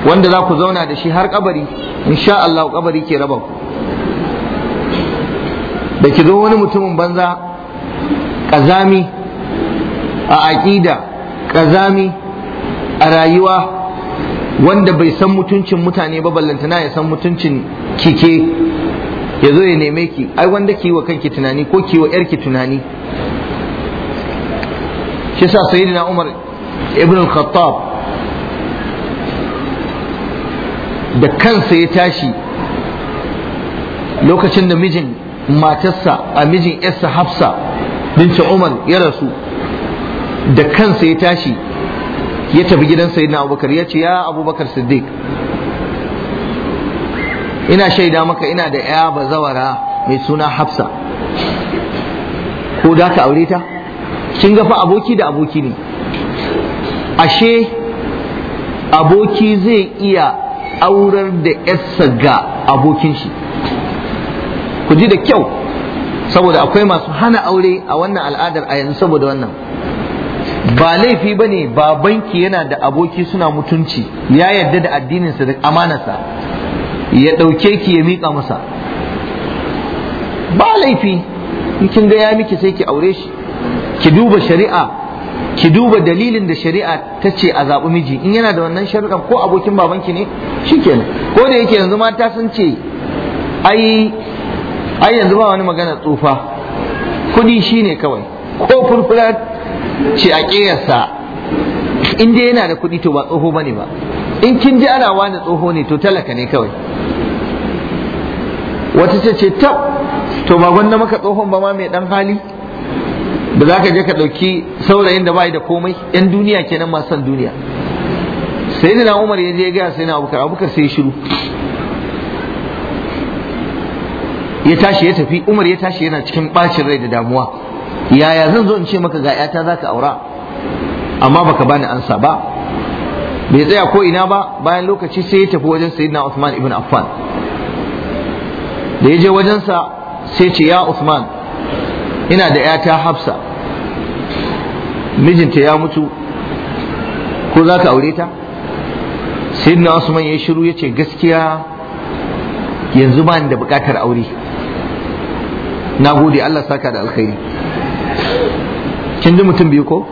wanda za ku zauna da shi har kabari insha Allah kabari ke raba ku da ki zo wani mutumin banza ƙazami a aƙida ƙazami a rayuwa wanda bai san mutuncin mutane ba ballantana ya san mutuncin kike ya zo ya neme ki ai wanda ki wa kanki tunani ko ki wa yarki tunani shi sa sayyidina Umar ibn al-Khattab da kansa ya tashi lokacin da mijin matarsa a mijin yarsa Hafsa binta Umar ya rasu da kansa ya tashi ya tafi gidan sayyidina Abubakar ya ce ya Abubakar Siddiq ina shaida maka ina da ya bazawara mai suna hafsa ko da ka aure ta kin ga fa aboki da aboki ne ashe aboki zai iya aurar da yarsa ga abokin shi ku ji da kyau saboda akwai masu hana aure a wannan al'adar a yanzu saboda wannan ba laifi ba ne babanki yana da aboki suna mutunci ya yarda da addininsa da amanarsa ya ɗauke ki ya miƙa masa ba laifi kin ga ya miki sai ki aure shi ki duba shari'a ki duba dalilin da shari'a ta ce a zaɓi miji in yana da wannan sharuɗan ko abokin babanki ne shikenan ko da yake yanzu mata sun ce ai yanzu ba wani magana tsufa kuɗi shine kawai ko furfura ce a ƙiyarsa in dai yana da kuɗi to ba tsoho bane ba in kin ji ana wani tsoho ne to talaka ne kawai wata ce ce tab to ba gwanda maka tsohon ba ma mai dan hali Ba za ka je ka ɗauki saurayin da bai da komai yan duniya kenan masu son duniya sai na umar ya je gaya sai na abubakar abubakar sai ya shiru ya tashi ya tafi umar ya tashi yana cikin bacin rai da damuwa yaya zan zo in ce maka ga yata za ka aura amma baka bani ansa ba bai tsaya ko ina ba bayan lokaci sai ya tafi wajen sayyidina Usman ibn Affan da ya je wajensa sai ce ya Usman ina da ‘yata hafsa mijinta ya mutu ko za ka aure ta Sai na Usman ya shiru ya ce gaskiya yanzu ba da bukatar aure na gode Allah saka da alkhairi kin ji mutum biyu ko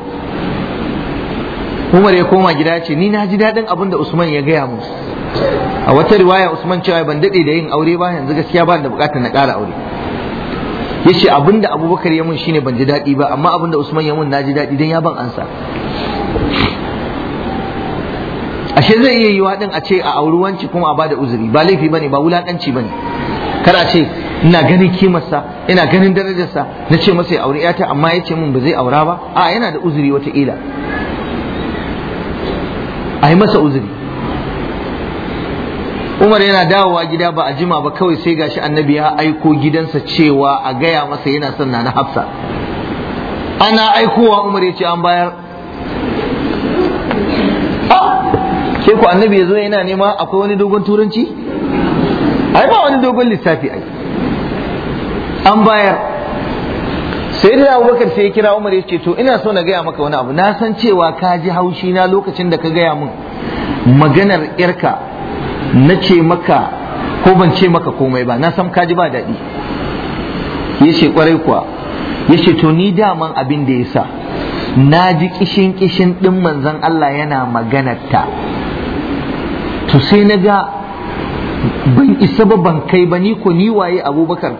Umar ya koma gida ya ce ni na ji daɗin abin da Usman ya gaya musu a wata riwaya Usman cewa ban dade da yin aure ba yanzu gaskiya ba da bukatar na kara aure yace abinda Abubakar ya mun shine ban ji daɗi ba amma abinda Usman ya mun naji daɗi dan ya ban ansa ashe zai iya yiwa din a ce a auri wanci kuma a bada uzuri ba laifi bane ba wulakanci bane kar a ce ina ganin kimarsa ina ganin darajarsa na ce masa ya auri yata amma ya ce min ba zai aura ba a yana da uzuri wataƙila a yi masa uzuri Umar yana dawowa gida ba a jima ba kawai sai gashi annabi ya aiko gidansa cewa a gaya masa yana son na Hafsa ana aikowa Umar ya ce an bayar ah! ke ku annabi ya zo yana nema akwai wani dogon turanci ai ba wani dogon lissafi ai an bayar sai da abubakar sai ya kira umar ya ce to ina so na gaya maka wani abu na san cewa ka ji haushi na lokacin da ka gaya min maganar yarka na ce maka ko ban ce maka komai ba na san kaji ba daɗi ya ce kwarai kuwa ya ce to ni daman abin da ya sa na ji kishin kishin ɗin manzan Allah yana maganarta to sai na ga ban isa ba ban kai ba ni ko ni waye abubakar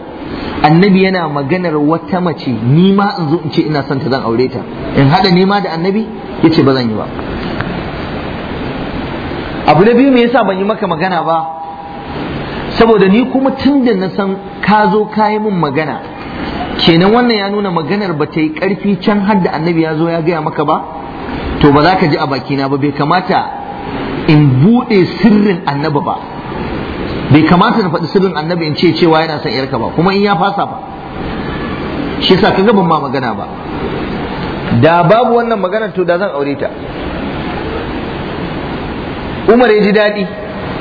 annabi yana maganar wata mace ni ma in zo in ce ina son ta zan aure ta in haɗa nema da annabi ya ce ba zan yi ba abu na biyu me yasa ban yi maka magana ba saboda ni kuma tun da na san ka zo ka yi min magana kenan wannan ya nuna maganar ba ta yi karfi can har annabi ya zo ya gaya maka ba to ba za ka ji a bakina ba bai kamata in buɗe sirrin annabi ba bai kamata na faɗi sirrin annabi in ce cewa yana son yarka ba kuma in ya fasa ba shi yasa ka gaban ma magana ba da babu wannan maganar to da zan aure ta Umar ya ji daɗi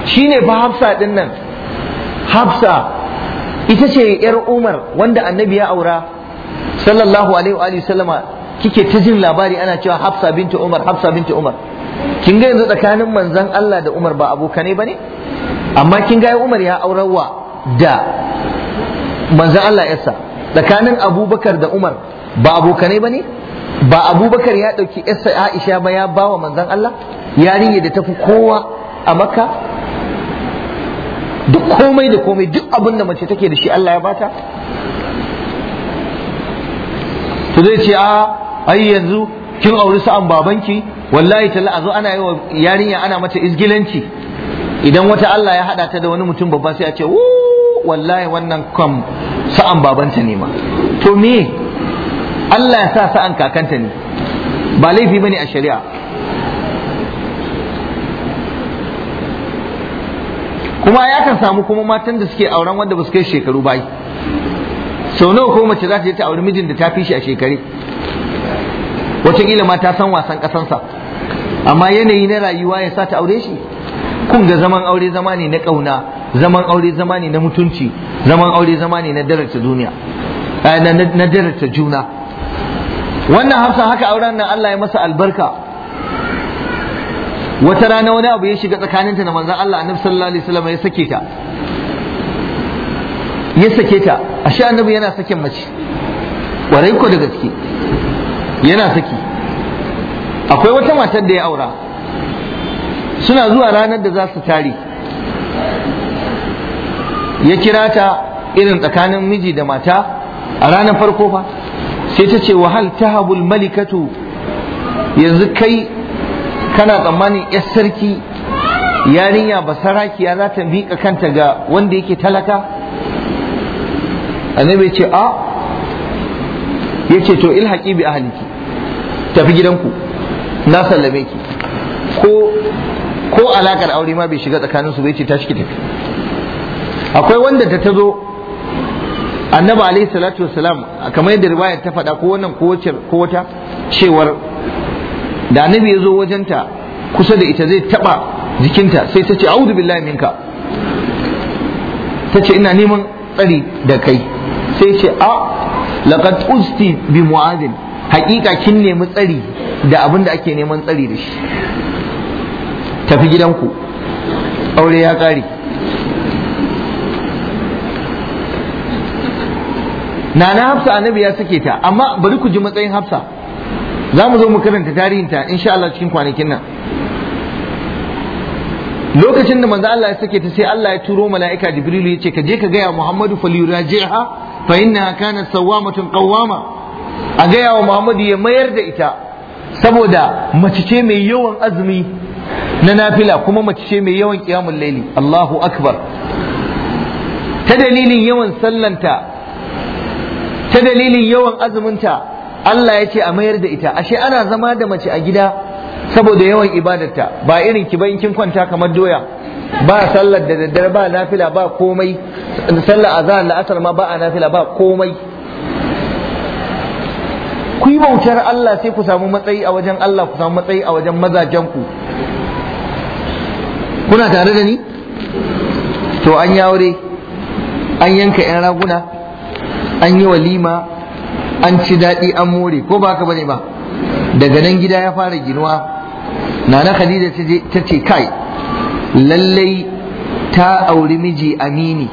shi ne fa Hafsa ɗin nan Hafsa ita ce yar Umar wanda annabi ya aura sallallahu alaihi wa sallama kike ta jin labari ana cewa Hafsa Binta Umar Hafsa Binta Umar kin ga yanzu tsakanin manzan Allah da Umar ba abokane ba ne? amma kin ga Umar ya aurawa da manzan Allah yarsa tsakanin Abubakar da Umar ba abokane ba ne? ba Abubakar ya ɗauki yarsa Aisha ba ya bawa manzan Allah yarinya da tafi kowa a maka duk komai da komai duk abin da mace take da shi Allah ya bata to zai ce a ai yanzu kin auri sa'an babanki wallahi talla a zo ana yi wa yarinya ana mata izgilanci idan wata Allah ya hada ta da wani mutum babba sai a ce wallahi wannan kam sa'an babanta ne ma to me Allah ya sa sa'an kakanta ne ba laifi bane a shari'a kuma ya kan samu kuma matan da suke auren wanda ba su kai shekaru bai. sau nawa ko mace za ta je ta auri mijin da ta fi shi a shekare wataƙila ma ta san wasan ƙasansa amma yanayi na rayuwa ya sa ta aure shi kun ga zaman aure zama ne na ƙauna zaman aure zama ne na mutunci zaman aure zama ne na eh, na darata juna wannan hafsa haka auren nan Allah ya masa albarka wata rana wani abu ya shiga tsakaninta da manzan Allah annabi sallallahu alaihi wasallam ya sake ta ya sake ta ashe annabi yana sakin mace kwarai ko da gaske yana saki akwai wata matar da ya aura suna zuwa ranar da za su tare ya kira ta irin tsakanin miji da mata a ranar farko fa sai ta ce wahal tahabul malikatu yanzu kai kana tsammanin yar sarki yarinya sarakiya za ta miƙa kanta ga wanda yake talaka annabi ce a ya ce to ilhaƙi bi ahliki tafi gidanku na sallame ki ko ko aure ma bai shiga tsakaninsu bai ce ta ki tafi akwai wanda ta tazo annabi alaihi salatu wasalam kamar yadda riwayar ta faɗa ko wannan ko wata cewar da annabi ya zo wajenta kusa da ita zai taba jikinta sai ta ce audu billahi minka ta ce ina neman tsari da kai sai ce a laqad usti bi mu'adin hakika kin nemi tsari da abin da ake neman tsari da shi tafi gidanku aure ya kare na na hafsa annabi ya sake ta amma bari ku ji matsayin hafsa za mu zo mu karanta tarihinta insha Allah cikin kwanakin nan lokacin da manzo Allah ya sake ta sai Allah ya turo mala'ika Jibrilu ya ce ka je ka gaya Muhammadu falyuraji'ha fa innaha kanat sawwamatun qawwama a gaya wa Muhammadu ya mayar da ita saboda mace ce mai yawan azumi na nafila kuma mace ce mai yawan qiyamul laili Allahu akbar ta dalilin yawan sallanta ta dalilin yawan azuminta Allah ya ce a mayar da ita ashe ana zama da mace a gida saboda yawan ibadarta ba irin ki in kin kwanta kamar doya ba sallar da daddare ba nafila ba komai sallar azhar la'asar ma ba a nafila ba komai ku yi bautar Allah sai ku samu matsayi a wajen Allah ku samu matsayi a wajen mazajen ku kuna tare da ni to an yaure an yanka yan raguna an yi walima an ci daɗi an more ko ba ka bane ba daga nan gida ya fara ginuwa nana khadija ta ce kai lallai ta auri miji amini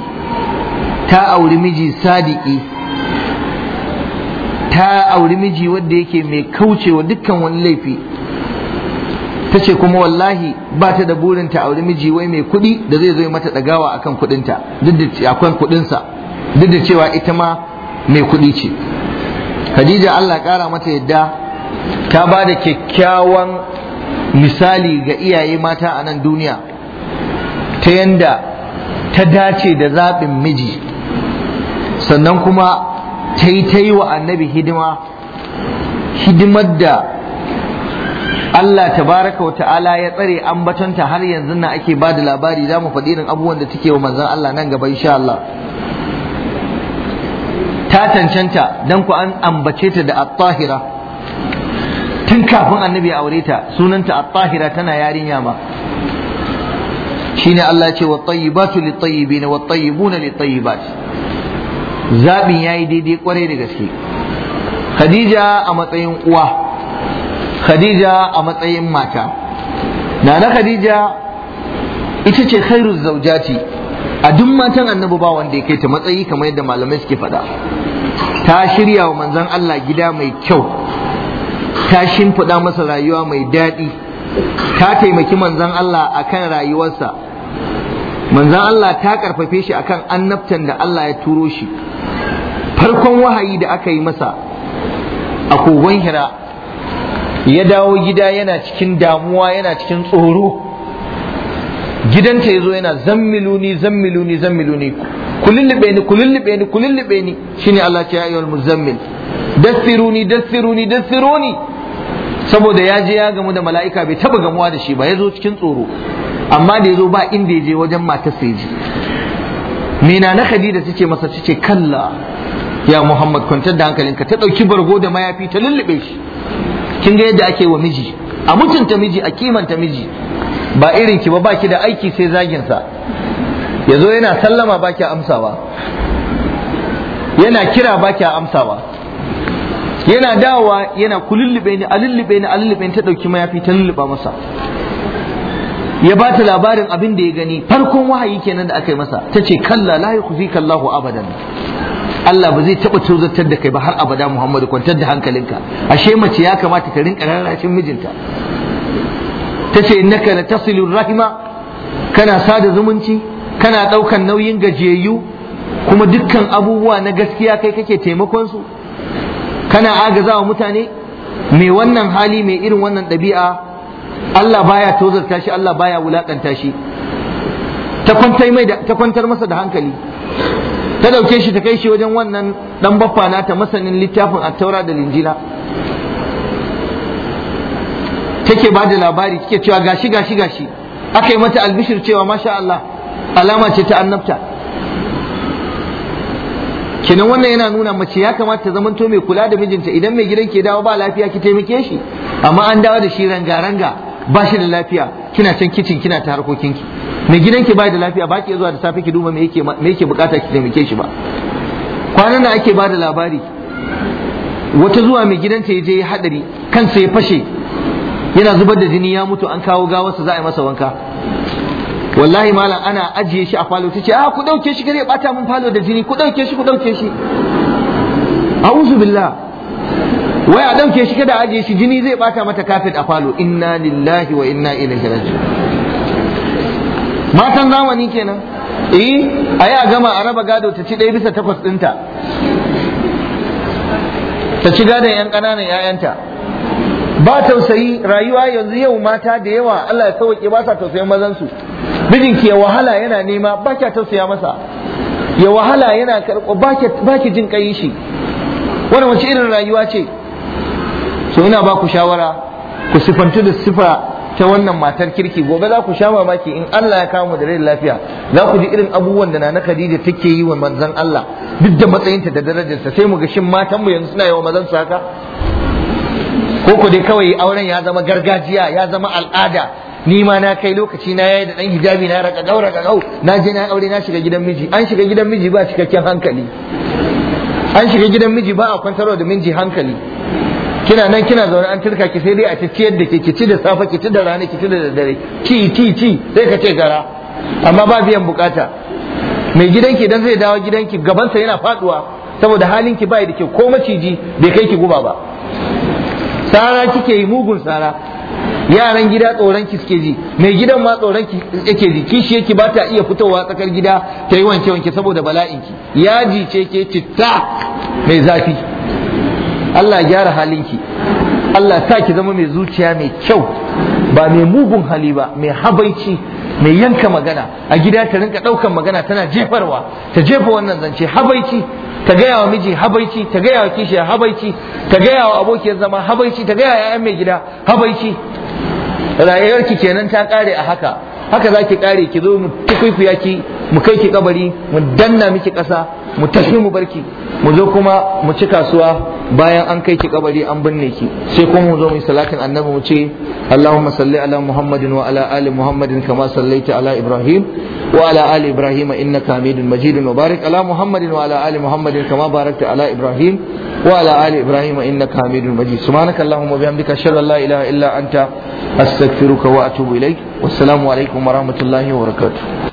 ta auri miji sadiki ta auri miji wanda yake mai kaucewa dukkan wani laifi ta ce kuma wallahi ba ta da burin ta auri miji wai mai kuɗi da zai zo mata ɗagawa akan kuɗinta duk da kuɗinsa duk da cewa ita ma mai kuɗi ce Khadija Allah kara mata yadda ta ba da kyakkyawan misali ga iyaye mata a nan duniya ta yanda ta dace da zaɓin miji sannan kuma ta yi ta yi wa annabi hidima hidimar da Allah tabaraka wa ta'ala ya tsare ambatonta har yanzu na ake ba da labari za mu faɗi irin abubuwan da take wa manzon Allah nan gaba insha Allah ta cancanta dan ku an ambace ta da at tun kafin annabi ya aure ta sunanta at tana yarinya ma shine Allah ya ce wa tayyibatu lit tayyibin wa tayyibuna lit tayyibat zabin yayi daidai kwarai da gaske Khadija a matsayin uwa Khadija a matsayin mata Nana Khadija ita ce khairu zaujati a duk matan annabi ba wanda ya kai ta matsayi kamar yadda malamai suke faɗa ta shirya wa manzon Allah gida mai kyau ta shimfiɗa masa rayuwa mai daɗi ta taimaki manzon Allah akan rayuwarsa manzon Allah ta ƙarfafe shi a kan annabtan da Allah ya turo shi farkon wahayi da aka yi masa a kogon hira ya dawo gida yana cikin damuwa yana cikin tsoro gidanta ya zo yana zammiluni zammiluni zammiluni ku lullube ni ku ni ku ni shine Allah ce ayyul muzammil dassiruni dassiruni dassiruni saboda ya je ya gamu da mala'ika bai taba gamuwa da shi ba ya zo cikin tsoro amma da ya zo ba inda ya je wajen matar sai ji mina na khadija ta ce masa ta ce kalla ya muhammad kwantar da hankalinka ta ɗauki bargo da mayafi ta lullube shi kin ga yadda ake wa miji a mutunta miji a kimanta miji ba irin ki ba baki da aiki sai zagin sa ya zo yana sallama ba kya amsawa yana kira ba kya amsawa yana dawowa yana kulullube ni alullube ni alullube ni ta ɗauki mayafi ta lulluba masa ya ba ta labarin abin da ya gani farkon wahayi kenan da aka yi masa ta ce kalla la yukhzika Allahu abadan Allah ba zai taɓa tozartar da kai ba har abada Muhammadu kwantar da hankalinka ashe mace ya kamata ka rinka rarrashin mijinta ta ce innaka la tasilu rahima kana sada zumunci kana ɗaukan nauyin gajiyayyu kuma dukkan abubuwa na gaskiya kai kake taimakon su kana agaza wa mutane mai wannan hali mai irin wannan ɗabi'a Allah baya tozarta shi Allah baya wulakanta shi ta kwantar masa da hankali ta ɗauke shi ta kai shi wajen wannan ɗan baffa ta masanin littafin attaura da linjila take ba da labari take cewa gashi gashi gashi aka yi mata albishir cewa masha Allah alama ce ta annabta kenan wannan yana nuna mace ya kamata ta zamanto mai kula da mijinta idan mai gidan ke dawo ba lafiya ki taimake shi amma an dawo da shi ranga-ranga ba shi da lafiya kina can kicin kina ta harkokin ki mai gidan ki bai da lafiya ba ki zuwa da safe ki duba me yake me yake bukata ki taimake shi ba kwanan da ake ba da labari wata zuwa mai gidanta ya je ya hadari kansa ya fashe yana zubar da jini ya mutu an kawo gawarsa za a yi masa wanka wallahi malam ana ajiye shi a falo ta ce a ah, ku ɗauke shi gare bata mun falo da jini ku ɗauke shi ku ɗauke shi a'udhu billah wai a ɗauke shi kada ajiye shi jini zai bata mata kafet a falo inna lillahi wa inna ilaihi raji matan zamani kenan eh yi a gama a raba gado ta ci ɗaya bisa takwas ɗinta ta ci gadon yan ƙananan 'ya'yanta ba tausayi rayuwa yanzu yau mata da yawa Allah ya sauke ba sa tausayin mazansu mijinki ya wahala yana nema ba kya tausaya masa ya wahala yana karɓo ba ki jin kai shi wani wace irin rayuwa ce so ina ba ku shawara ku sifantu da sifa ta wannan matar kirki gobe za ku sha mamaki in Allah ya kama da rai lafiya za ku ji irin abubuwan da na Khadija take yi wa manzon Allah duk da matsayinta da darajarsa sai mu ga shin matan mu yanzu suna yi wa mazan su haka ko ku dai kawai auren ya zama gargajiya ya zama al'ada ni ma na kai lokaci na yayi da dan hijabi na raka gaura ga gau na je na aure na shiga gidan miji an shiga gidan miji ba cikakken hankali an shiga gidan miji ba a kwantarwa da miji hankali kina nan kina zaune an turka ki sai dai a ciyar yadda ke ki ci da safa ki ci da rana ki ci da dare ci ci ci sai ka ce gara amma ba biyan bukata mai gidanki idan zai dawo gidanki gabansa yana faduwa saboda halin ki bai da kyau ko maciji bai kai ki guba ba sara kike yi mugun sara yaran gida tsoron ki suke ji mai gidan ma tsoron ki yake ji kishi yake ba ta iya fitowa tsakar gida ta yi wanke wanke saboda bala'in ki yaji ce ke citta mai zafi Allah ya gyara halin ki Allah sa ki zama mai zuciya mai kyau ba mai mugun hali ba mai habaici mai yanka magana a gida ta rinka ɗaukan magana tana jefarwa ta jefa wannan zance habaici ta gaya wa miji habaici ta gaya wa kishi habaici ta gaya wa abokiyar zama habaici ta gaya wa 'ya'yan mai gida habaici rayuwarki kenan ta kare a haka haka za ki kare ki zo mu tukuikuya ki mu kai ki kabari mu danna miki ƙasa mu tafi mu barki mu zo kuma mu ci kasuwa bayan an kai ki kabari an binne ki sai kuma mu zo mu salatin annabi mu ce Allahumma salli ala Muhammadin wa ala ali Muhammadin kama sallaita ala Ibrahim wa ala ali Ibrahim innaka Hamidun Majidun wa barik ala Muhammadin wa ala ali Muhammadin kama barakta ala Ibrahim wa ala ali Ibrahim innaka Hamidun Majid subhanaka Allahumma bihamdika ashhadu an la ilaha illa anta astaghfiruka wa atubu ilaik wassalamu alaikum wa rahmatullahi wa barakatuh